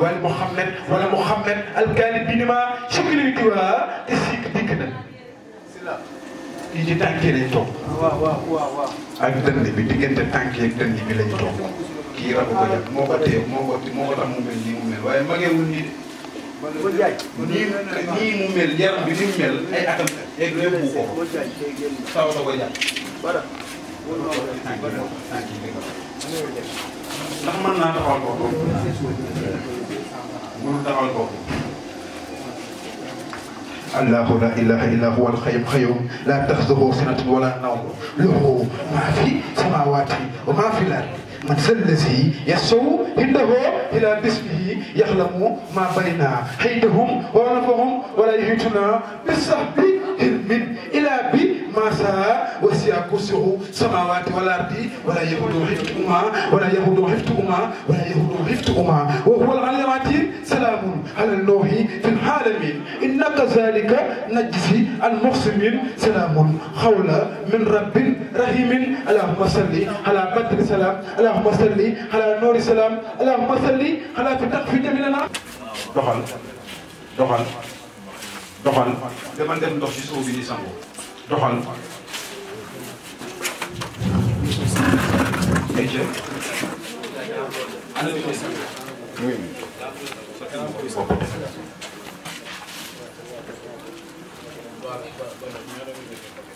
wal Muhammad wala Muhammad alkaani bi ni ma sukkiri diwaa te sikk dikk na yi ci tànk yi toog ak dënn bi diggante tànk yi ak dënn bi lañ toog kii rabu ko jàpp moo ko téye moo ko moo ko mu mel nii mu mel waaye mageewul nii de mu mel yaram mu mel ay atam egg mënul taxawal bopp allahu la ilaha illa huwa alxayyum xayyum la taxzuhu sinatun wala nawm lahu maa fi samawati wa maa fi l-ard man za llazi yashfa'u indahu illa bismihi ya'lamu ma bayna aydihim wa ma xalfahum wala yuhituna bi ما شاء وسع كرسيه سماوات والارض ولا يهود حفظهما ولا يهود حفظهما ولا يهود حفظهما وهو العلي العظيم سلام على النوح في العالمين ان كذلك نجزي المحسنين سلام قول من رب رحيم اللهم صل على بدر سلام اللهم صل على نور سلام اللهم صل على فتح في جميلنا doxal doxal doxal dama dem ndox ci suuf bi di sangu doxal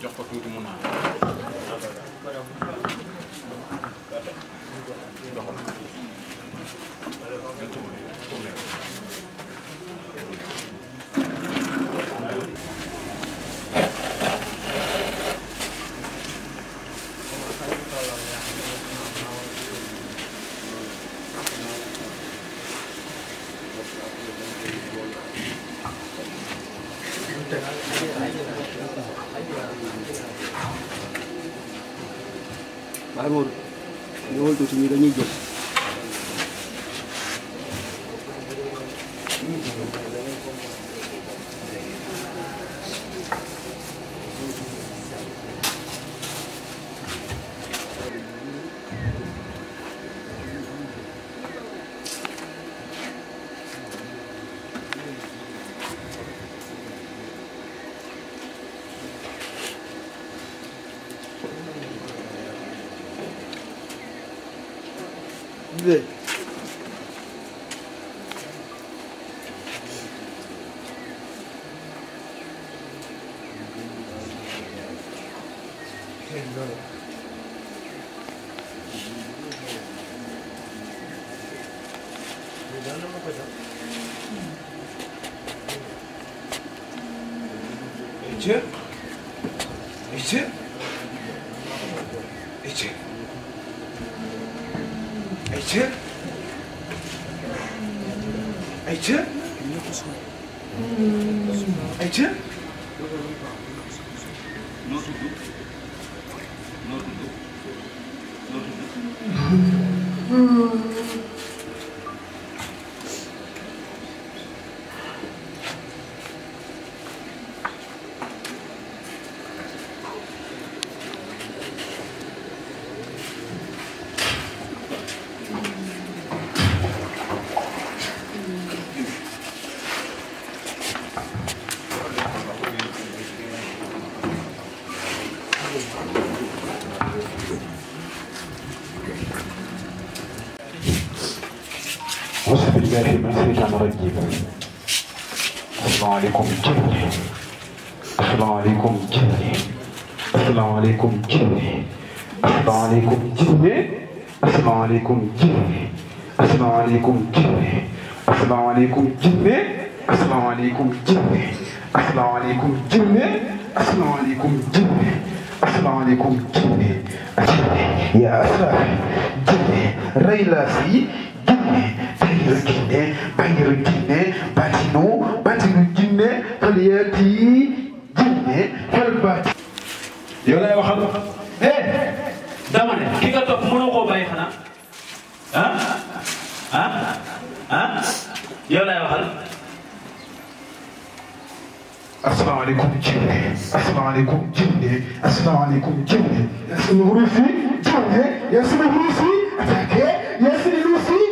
jox ko tuuti mu naan doxal ñëwal tuuti ñii dañu jël Good. Ece? Ece? Ece? Ayça. Ayça. Ayça. noo tudd noo tudd noo tudd الله من الشيطان الرجيم السلام عليكم جني السلام عليكم جني السلام عليكم جني السلام عليكم جني السلام عليكم جني السلام عليكم جني السلام عليكم جني السلام عليكم جني السلام عليكم جني السلام عليكم جني السلام عليكم جني يا أسرع جني ريلاسي جني tarihi jinne bayiru jinne batinu batinu jinne fal yaati jinne fal baati yow lay waxal eh dama ne ki nga topp mënoo koo bàyyi xanaa ah ah ah yow lay waxal asalaamaaleykum jinne asalaamaaleykum jinne asalaamaaleykum jinne yaa sunu huruf jinne yaa sunu huruf yi attaqué yaa sunu huruf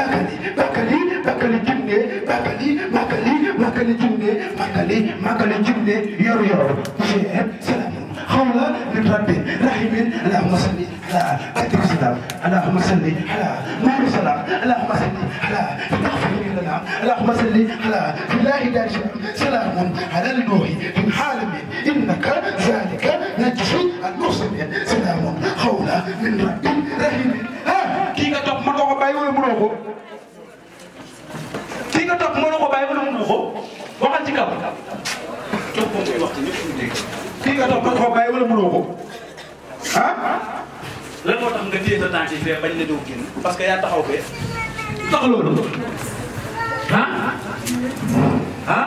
bakali bakali bakali jinne bakali makali makali jinne makali makali jinne yor yor jeer salamun xawla min rabbin rahimin allahumma salli ala atik salam allahumma salli ala nur salam allahumma salli ala تغفر لنا اللهم صل على الله دار سلام على النوح في العالمين انك ذلك نجزي المحسنين سلام قولا من ربنا ko ki nga topp mënoo ko bàyyi ba mu ko waxal ci kaw. kii nga topp mënoo ko bàyyi wala mënoo ko ah. lan moo tax nga téye sa tànk yi fee bañ na doo génn parce que yaa taxaw fee tax loolu ah ah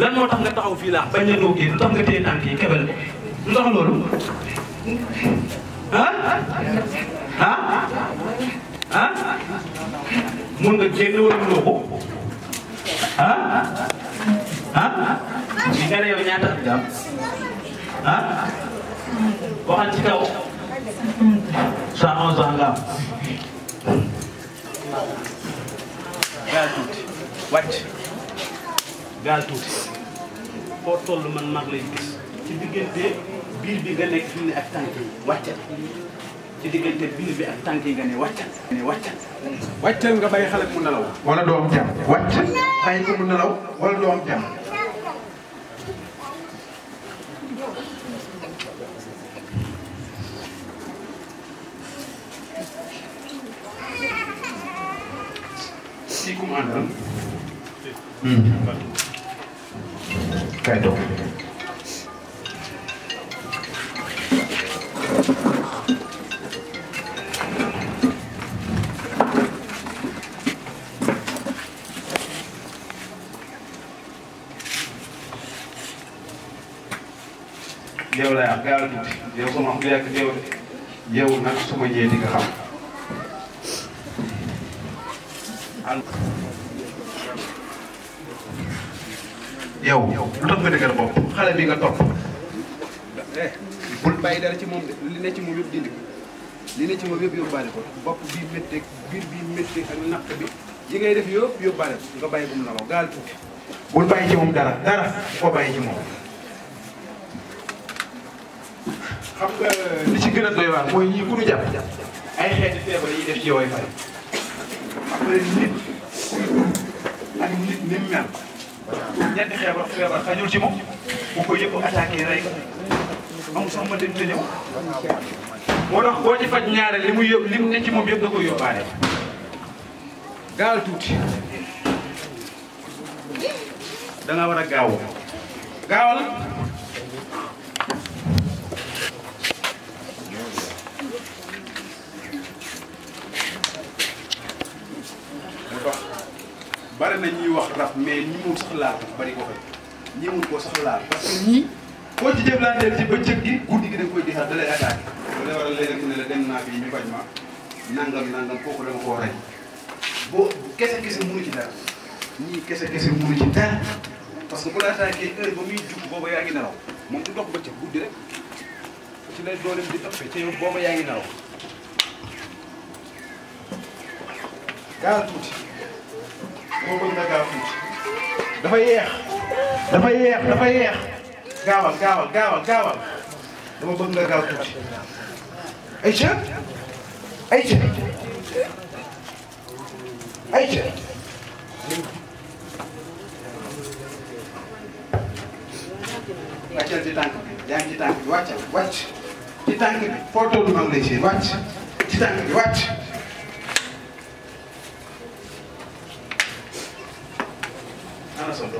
lan moo tax nga taxaw fii laa bañ na doo génn tax nga téye tànk yi kebel ko tax loolu ah ah ah mun nga génn wala mënoo ko ah ah li nga ne yow ñaata at nga am ah waxal ci kaw cent onze gaal tuuti wàcc gaal tuuti foo toll man mag lay gis ci diggante biir bi nga nekk fii ne ak tànk yi wàcce ci diggante biir bi ak tànk yi nga ne wàccal ne wàccal wàccal nga bàyyi xale bu nelaw wala doo am jàmm wàcc bàyyi ko nelaw wala doo jàmm si ku hmm. kay doom yow sama xam yàgg néew de nag su ma ñëwee nga xam. yow lu tax nga dëgër bopp xale bi nga topp. bul bàyyi ci moom li ne ci moom yëpp dindi ko li ci moom yëpp yóbbaale ko bopp bii métteeg biir bii métteeg ak naq bi yi ngay def yëpp yóbbaale ko nga bàyyi ko mu nalaw gaal tuuti. bul bàyyi ci moom dara dara boo bàyyi ci moom. xam nga li ci gën a doy waar mooy ñii ku ñu jàpp ay xeeti feebar yi def ci yooyu fay après nit kuy dund ak nit ni mu mel ñetti xeebar feebar xajul ci moom bu ko yëpp attaqué rey amul sax ma dem te ñëw moo tax boo ci faj li mu yób li mu ne ci moom yëpp da koy yóbbaale gaawal tuuti da nga war a gaaw gaawal bari na ñuy wax raf mais ñi mun sax laal dafa bari ko fay ñi mun koo sax laal parce que ñii koo ci jëflanteel ci bëccëg gi guddi gi da nga koy dixaat da lay attaqué. bu la waral léeg-léeg ne la dem naa fii ñu bañ ma nangam nangam kooku dama koo rey boo kese kese munu ci dara ñii kese kese munu ci dara parce que bu la attaqué heure ba muy jug booba yaa ngi nelaw moom du dox bëccëg guddi rek ci lay dooleem di ëppee te yow booba yaa ngi nelaw. gaal tuuti. moo bëgg nga gaaw tuuti dafa yeex dafa yeex dafa yeex gaawal gaawal gaawal gaawal dama bëgg nga gaaw tuuti ayca ayca ayca wàccal ci tànk bi yaa ngi ci tànk bi wàccal wàcc ci tànk son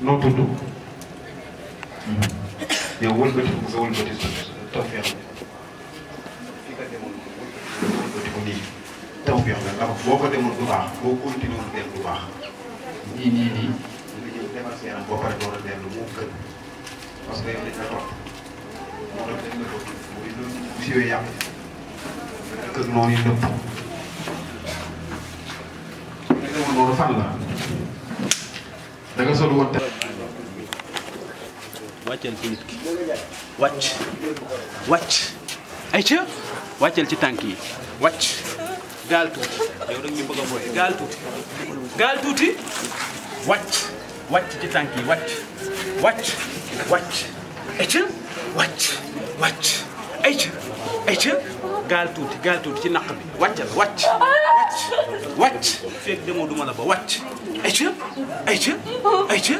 noo tudd yow wëlbati ko nga wëlbati sa tawfeex bi nga demoon wëlbati ko nii tawfeex la ndax boo ko demoon du baax boo continué woon dem du baax nii nii nii nga ñëw defar seen am boo pare door a dellu moo gën parce que yow dañ la topp moo tax dañ la topp bu siwee yàq dëkk noonu yi nëpp woon loolu fan la da nga sol ci nit ki ci tànk yi wàcc gaal tuuti yow rek ñu bëgg a gaal tuuti gaal tuuti wàcc wàcc ci tànk yi wàcc wàcc wàcc ay ca wàcc wàcc ay ca gaal tuuti gaal tuuti ci naq bi wàccal wàcc wàcc fekk demoo duma la ba wàcc ay ca ay ca ay ca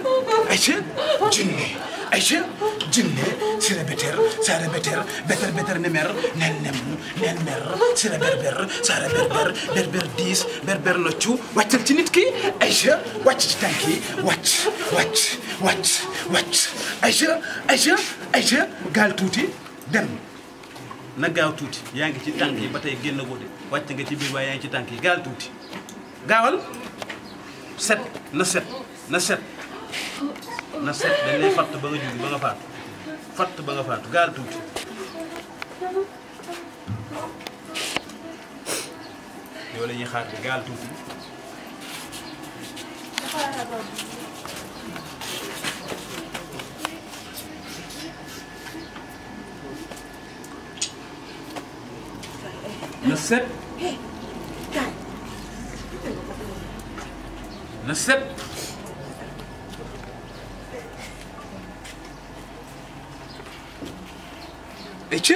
ay ca jinne ay ca jinne sira beter sara beter beter beter ne mer nel nem nel mer sira berber sara berber berber diis berber loccu wàccal ci nit ki ay ca wàcc ci tànk yi wàcc wàcc wàcc wàcc ay ca ay ca ay ca gaal tuuti dem na gaaw tuuti yaa ngi ci tànk yi ba tey génn góode wàcc nga ci biir waaye yaa ngi ci tànk yi gaal tuuti gaawal set na set na set na set ba nga jug ba nga faatu fatt ba nga faatu gaal tuuti yow lañuy ñuy xaar gaal tuuti na set na set ecci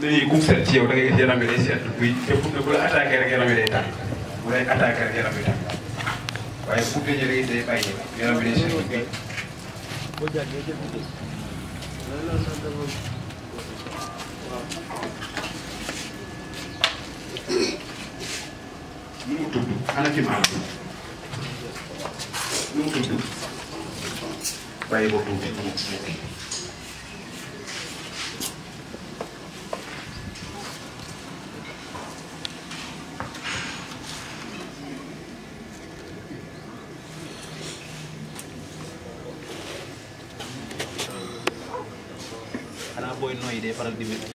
dañuy gum set ci yow da ngay gis yaram bi day set buy te bu la attaqué rek yaram bi day tàng bu lay attaqué rek yaram bi tàng waaye bu tëjee da ngay day bàyyi yaram bi day set boo jàngee jël bu dégg loolu la dafa waaw nu mu tudd ana ki maal nu mu tudd bàyyi boobu tuuti mu mu faral di bind